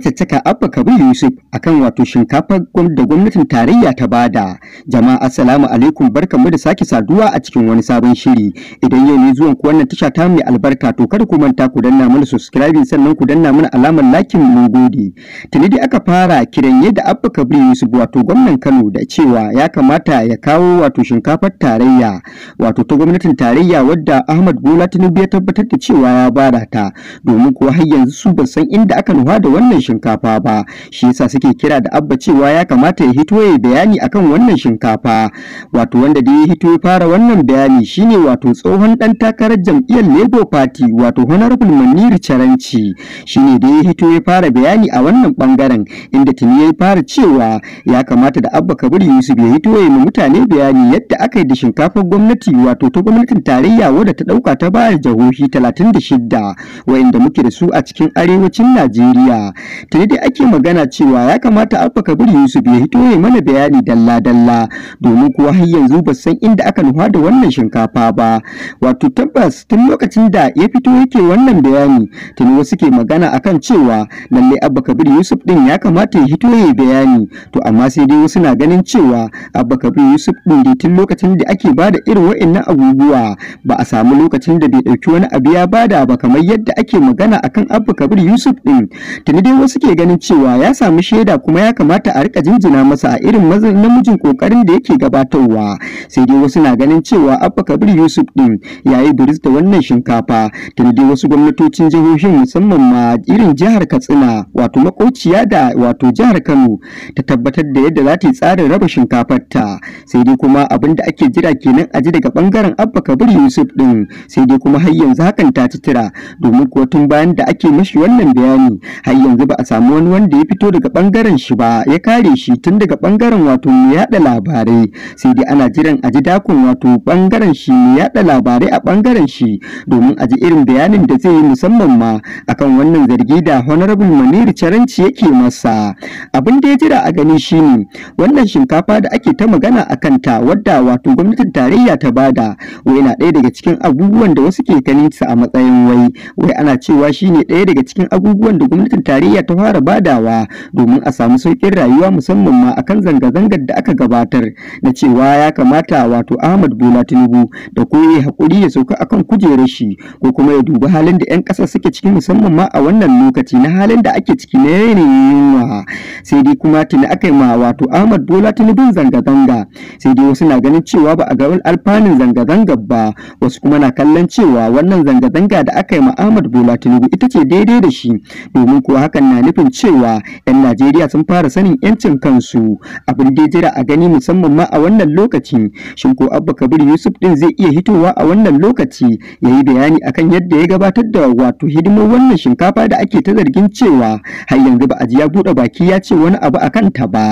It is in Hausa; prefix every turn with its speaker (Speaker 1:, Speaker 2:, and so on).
Speaker 1: caccaka Abba Kabir Yusuf akan wato shinkafa da gwamnatin tarayya ta bada. Jama'a assalamu alaikum barkanmu da sake saduwa a cikin wani sabon shiri. Idan yau ne zuwan ku wannan tasha ta mai albarka to kada ku manta ku danna mana subscribing sannan ku danna mana alamar lakin mun gode. Tuni dai aka fara kiran yadda Abba Kabir Yusuf wato gwamnan Kano da cewa ya kamata ya kawo wato shinkafar tarayya wato ta gwamnatin tarayya wadda Ahmad Bola Tinubu ya tabbatar da cewa ya bada ta domin kuwa har yanzu su ban san inda aka nuha da wannan shinkafa ba shi yasa suke kira da abba cewa ya kamata ya hito ya bayani akan wannan shinkafa wato wanda da ya hito ya fara wannan bayani shine wato tsohon dan takarar jam'iyyar labour party wato honorable maniri charanci shine da ya hito ya fara bayani a wannan bangaren inda tuni ya fara cewa ya kamata da abba kabir yusuf ya hito ya mutane bayani yadda aka yi da shinkafar gwamnati wato ta gwamnatin tarayya wadda ta dauka ta bayar jihohi 36 wa'inda muke da su a cikin arewacin najeriya tuni dai ake magana cewa ya kamata Abba Kabir Yusuf ya hito ya mana bayani dalla dalla domin kuwa har yanzu ba san inda aka nufa da wannan shinkafa ba wato tabbas tun lokacin da ya fito yake wannan bayani tuni wasu ke magana akan cewa lalle Abba Kabir Yusuf din ya kamata ya hito ya bayani to amma sai dai wasu na ganin cewa Abba Kabir Yusuf din dai tun lokacin da ake ba da irin wa'annan abubuwa ba a samu lokacin da bai dauki wani abu ya bada ba kamar yadda ake magana akan Abba Kabir Yusuf din tuni dai suke ganin cewa ya samu shaida kuma ya kamata a rika jinjina masa a irin namijin kokarin da yake gabatarwa sai dai wasu na ganin cewa abba kabir yusuf din yayi biris da wannan shinkafa tun dai wasu gwamnatocin jihohin musamman ma irin jihar katsina wato makociya da wato jihar kano ta tabbatar da yadda za ta yi tsarin raba shinkafar ta sai dai kuma abin da ake jira kenan a ji daga bangaren abba kabir yusuf din sai dai kuma har yanzu hakan ta titira, domin kuwa tun bayan da ake mashi wannan bayani har yanzu ba a samu wani wanda ya fito daga bangaren shi ba ya kare shi tun daga bangaren wato mai yada labarai sai dai ana jiran a ji dakon wato bangaren shi mai yada labarai a bangaren shi domin a ji irin bayanin da zai yi musamman ma akan wannan zargi da honorable maniri charanci yake masa abin da ya jira a gani shine wannan shinkafa da ake ta magana a kanta wadda wato gwamnatin tarayya ta bada wai na ɗaya daga cikin abubuwan da wasu ke ganin a matsayin wai wai ana cewa shine ɗaya daga cikin abubuwan da gwamnatin tarayya najeriya ta fara badawa domin a samu sauƙin rayuwa musamman ma akan zanga-zangar da aka gabatar na cewa ya kamata wato ahmad bola tinubu da yi haƙuri ya sauka akan kujerar shi ko kuma ya dubi halin da 'yan ƙasa suke ciki musamman ma a wannan lokaci na halin da ake ciki na yanayin yunwa sai dai kuma tuni aka yi ma wato ahmad bola tinubu zanga-zanga sai dai wasu na ganin cewa ba a ga alfanun zanga-zangar ba wasu kuma na kallon cewa wannan zanga-zanga da aka yi ma ahmad bola tinubu ita ce daidai da shi domin kuwa hakan na nufin cewa 'yan Najeriya sun fara sanin 'yancin kansu abin da jira a gani musamman ma a wannan lokaci shin ko Abba Kabir Yusuf din zai iya hitowa a wannan lokaci ya yi bayani akan yadda ya gabatar da wato hidimar wannan shinkafa da ake ta zargin cewa har yanzu ba a ji ya buɗe baki ya ce wani abu akan ta ba.